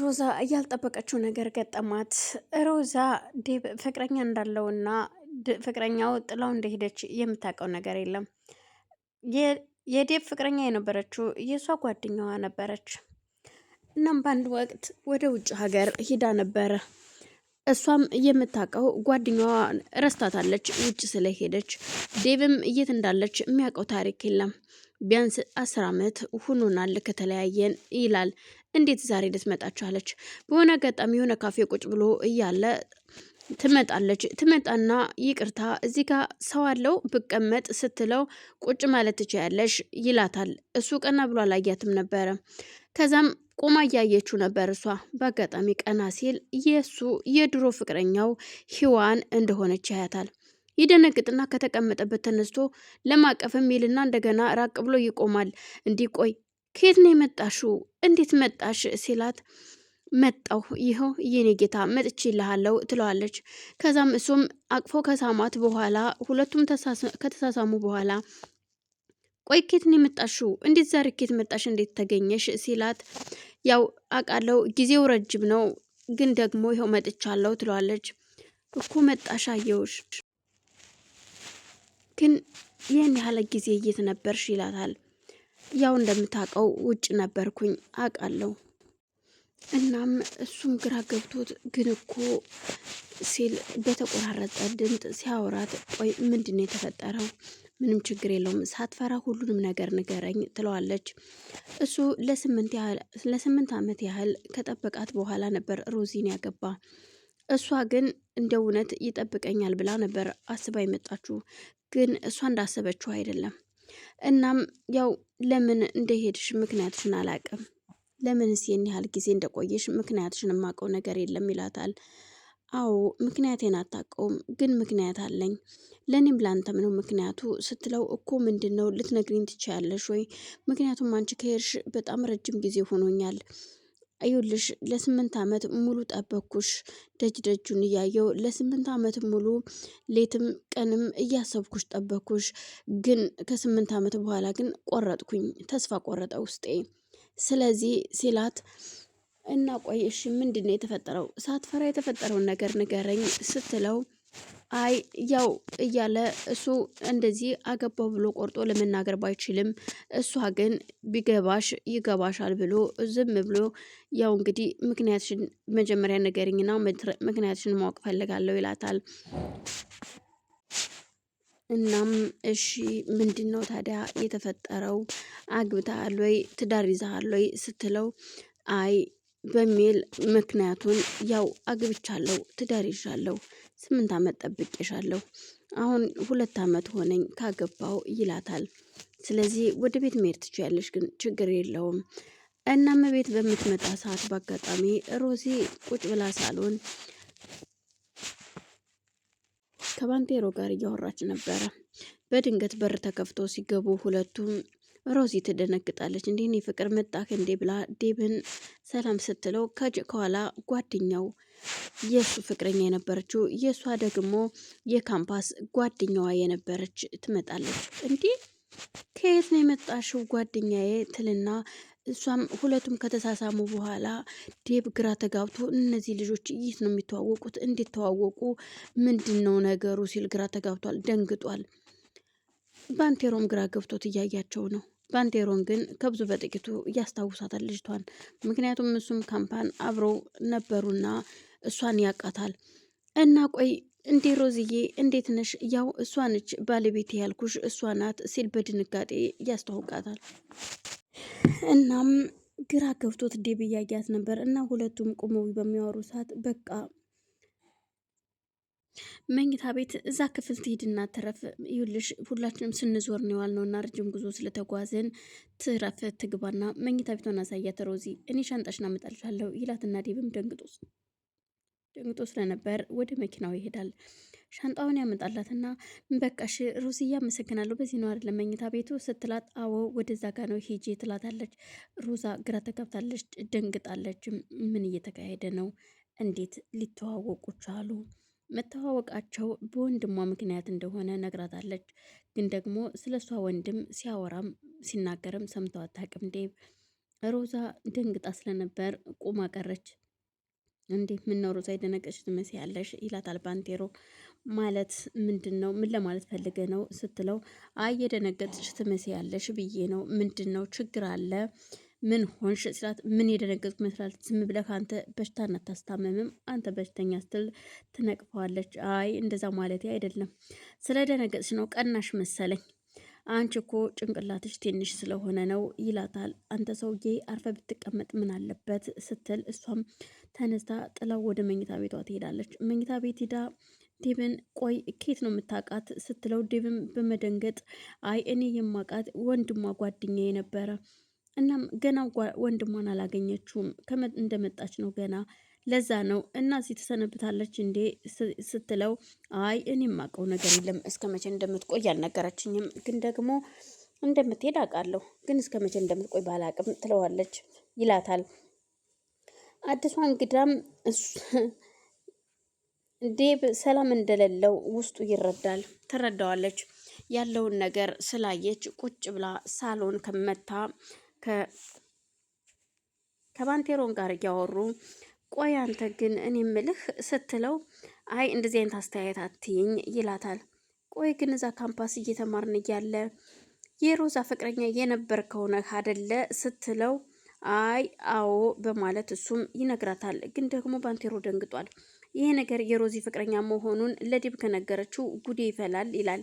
ሮዛ እያልጠበቀችው ነገር ገጠማት። ሮዛ ዴብ ፍቅረኛ እንዳለውና ፍቅረኛው ጥላው እንደሄደች የምታውቀው ነገር የለም። የዴብ ፍቅረኛ የነበረችው የእሷ ጓደኛዋ ነበረች። እናም በአንድ ወቅት ወደ ውጭ ሀገር ሂዳ ነበረ። እሷም የምታውቀው ጓደኛዋ ረስታታለች ውጭ ስለሄደች። ዴቭም የት እንዳለች የሚያውቀው ታሪክ የለም። ቢያንስ አስር ዓመት ሁኖናል ከተለያየን ይላል። እንዴት ዛሬ ልትመጣችኋለች? በሆነ አጋጣሚ የሆነ ካፌ ቁጭ ብሎ እያለ ትመጣለች። ትመጣና ይቅርታ እዚህ ጋ ሰው አለው ብቀመጥ ስትለው ቁጭ ማለት ትችያለሽ ይላታል። እሱ ቀና ብሎ አላያትም ነበረ። ከዛም ቆማ እያየችው ነበር። እሷ በአጋጣሚ ቀና ሲል የእሱ የድሮ ፍቅረኛው ሂዋን እንደሆነች ያያታል። ይደነግጥና ከተቀመጠበት ተነስቶ ለማቀፍ የሚልና እንደገና ራቅ ብሎ ይቆማል። እንዲህ ቆይ ከየት ነው የመጣሽው? እንዴት መጣሽ? ሲላት መጣሁ ይኸው የኔ ጌታ መጥቼ ይልሃለው ትለዋለች። ከዛም እሱም አቅፎ ከሳማት በኋላ ሁለቱም ከተሳሳሙ በኋላ ቆይ ኬት ነው የመጣሽው? እንዴት ዛሬ ኬት መጣሽ? እንዴት ተገኘሽ? ሲላት ያው አውቃለሁ ጊዜው ረጅም ነው፣ ግን ደግሞ ይኸው መጥቻለሁ ትለዋለች። እኮ መጣሽ አየውሽ፣ ግን ይህን ያህል ጊዜ እየት ነበርሽ? ይላታል። ያው እንደምታውቀው ውጭ ነበርኩኝ አውቃለሁ እናም እሱም ግራ ገብቶት ግን እኮ ሲል በተቆራረጠ ድምፅ ሲያወራት፣ ቆይ ምንድን ነው የተፈጠረው? ምንም ችግር የለውም ሳትፈራ ሁሉንም ነገር ንገረኝ ትለዋለች። እሱ ለስምንት ዓመት ያህል ከጠበቃት በኋላ ነበር ሮዚን ያገባ። እሷ ግን እንደ እውነት ይጠብቀኛል ብላ ነበር አስባ የመጣችሁ፣ ግን እሷ እንዳሰበችው አይደለም። እናም ያው ለምን እንደሄድሽ ምክንያትሽን አላቅም ለምንስ ይህን ያህል ጊዜ እንደቆየሽ ምክንያትሽን የማውቀው ነገር የለም ይላታል። አዎ ምክንያቴን አታውቀውም፣ ግን ምክንያት አለኝ። ለእኔም ላንተም ነው ምክንያቱ ስትለው እኮ ምንድን ነው ልትነግሪኝ ትችያለሽ ወይ? ምክንያቱም አንቺ ከሄድሽ በጣም ረጅም ጊዜ ሆኖኛል። አዩልሽ ለስምንት ዓመት ሙሉ ጠበኩሽ፣ ደጅ ደጁን እያየው ለስምንት ዓመት ሙሉ ሌትም ቀንም እያሰብኩሽ ጠበኩሽ። ግን ከስምንት ዓመት በኋላ ግን ቆረጥኩኝ፣ ተስፋ ቆረጠ ውስጤ። ስለዚህ ሲላት እና ቆይ እሺ ምንድን ነው የተፈጠረው? ሳትፈራ የተፈጠረውን ነገር ንገረኝ ስትለው አይ ያው እያለ እሱ እንደዚህ አገባው ብሎ ቆርጦ ለመናገር ባይችልም እሷ ግን ቢገባሽ ይገባሻል ብሎ ዝም ብሎ ያው እንግዲህ ምክንያትሽን መጀመሪያ ነገርኝና ምክንያትሽን ማወቅ ፈልጋለሁ ይላታል። እናም እሺ ነው ታዲያ የተፈጠረው? አግብተሃል ወይ ትዳር ይዘሃል ወይ ስትለው አይ በሚል ምክንያቱን ያው አግብቻለሁ ትዳር ይዣለሁ ስምንት አመት ጠብቄሻለሁ አሁን ሁለት አመት ሆነኝ ካገባው ይላታል። ስለዚህ ወደ ቤት መሄድ ትችያለሽ ግን ችግር የለውም። እናም ቤት በምትመጣ ሰዓት በአጋጣሚ ሮዚ ቁጭ ብላ ሳሎን ከባንቴሮ ጋር እያወራች ነበረ። በድንገት በር ተከፍቶ ሲገቡ ሁለቱም ሮዚ ትደነግጣለች። እንዲህን የፍቅር ፍቅር እንዴ ብላ ዴብን ሰላም ስትለው ከኋላ ጓደኛው የእሱ ፍቅረኛ የነበረችው የእሷ ደግሞ የካምፓስ ጓደኛዋ የነበረች ትመጣለች። እንዲህ ከየት ነው የመጣሽው ጓደኛዬ ትልና እሷም ሁለቱም ከተሳሳሙ በኋላ ዴብ ግራ ተጋብቶ እነዚህ ልጆች ይህ ነው የሚተዋወቁት፣ እንዴት ተዋወቁ? ምንድን ነው ነገሩ? ሲል ግራ ተጋብቷል፣ ደንግጧል። ባንቴሮም ግራ ገብቶት እያያቸው ነው። ባንቴሮን ግን ከብዙ በጥቂቱ እያስታውሳታል ልጅቷን። ምክንያቱም እሱም ካምፓን አብረው ነበሩና እሷን ያውቃታል። እና ቆይ እንዴ ሮዝዬ እንዴት ነሽ? ያው እሷ ነች ባለቤቴ ያልኩሽ እሷ ናት ሲል በድንጋጤ ያስተውቃታል። እናም ግራ ገብቶት ዴብ እያያት ነበር እና ሁለቱም ቁመው በሚያወሩ ሰዓት በቃ መኝታ ቤት እዛ ክፍል ትሄድና ትረፍ ይልሽ ሁላችንም ስንዞር ነው የዋልነው እና ረጅም ጉዞ ስለተጓዝን ትረፍ ትግባና መኝታ ቤቷን አሳያት ሮዚ እኔ ሻንጣሽን አመጣልሻለሁ ይላትና ዴብም ደንግጦ ደንግጦ ስለነበር ወደ መኪናው ይሄዳል። ሻንጣውን ያመጣላትና በቃሽ ሩስዬ እያመሰግናለሁ በዚህ ነው አይደል መኝታ ቤቱ ስትላት፣ አዎ ወደዛ ጋ ነው ሂጂ ትላታለች። ሮዛ ግራ ተጋብታለች፣ ደንግጣለች። ምን እየተካሄደ ነው? እንዴት ሊተዋወቁ ቻሉ? መተዋወቃቸው በወንድሟ ምክንያት እንደሆነ ነግራታለች። ግን ደግሞ ስለ እሷ ወንድም ሲያወራም ሲናገርም ሰምተው አታውቅም ዴብ ሮዛ ደንግጣ ስለነበር ቁማ ቀረች። እንዴት እንዴ ምነው ሮዛ የደነቀች ያለሽ ይላታል ባንቴሮ። ማለት ምንድን ነው? ምን ለማለት ፈልገ ነው ስትለው፣ አይ የደነገጥሽ ያለሽ ብዬ ነው። ምንድን ነው? ችግር አለ? ምን ሆንሽ ስላት፣ ምን የደነገጥኩ ይመስላል? ዝም ብለህ አንተ በሽታን አታስታምምም፣ አንተ በሽተኛ ስትል ትነቅፈዋለች። አይ እንደዛ ማለት አይደለም፣ ስለ ስለደነገጥሽ ነው። ቀናሽ መሰለኝ አንቺ እኮ ጭንቅላትሽ ትንሽ ስለሆነ ነው ይላታል። አንተ ሰውዬ አርፈ ብትቀመጥ ምን አለበት ስትል እሷም ተነስታ ጥላው ወደ መኝታ ቤቷ ትሄዳለች። መኝታ ቤት ሂዳ ዴብን ቆይ ኬት ነው የምታውቃት ስትለው ዴብን በመደንገጥ አይ እኔ የማውቃት ወንድሟ ጓደኛ የነበረ እናም ገና ወንድሟን አላገኘችውም እንደመጣች ነው ገና ለዛ ነው እና እዚህ ትሰነብታለች እንዴ ስትለው አይ እኔ የማውቀው ነገር የለም እስከ መቼ እንደምትቆይ አልነገረችኝም፣ ግን ደግሞ እንደምትሄድ አውቃለሁ፣ ግን እስከ መቼ እንደምትቆይ ባላቅም ትለዋለች ይላታል። አዲሷ እንግዳም ዴብ ሰላም እንደሌለው ውስጡ ይረዳል። ትረዳዋለች ያለውን ነገር ስላየች ቁጭ ብላ ሳሎን ከመታ ከባንቴሮን ጋር እያወሩ ቆይ አንተ ግን እኔ ምልህ ስትለው አይ እንደዚህ አይነት አስተያየት አትይኝ ይላታል። ቆይ ግን እዛ ካምፓስ እየተማርን እያለ የሮዛ ፍቅረኛ የነበር ከሆነ አደለ ስትለው አይ አዎ በማለት እሱም ይነግራታል። ግን ደግሞ ባንቴሮ ደንግጧል። ይሄ ነገር የሮዚ ፍቅረኛ መሆኑን ለዲብ ከነገረችው ጉዴ ይፈላል ይላል።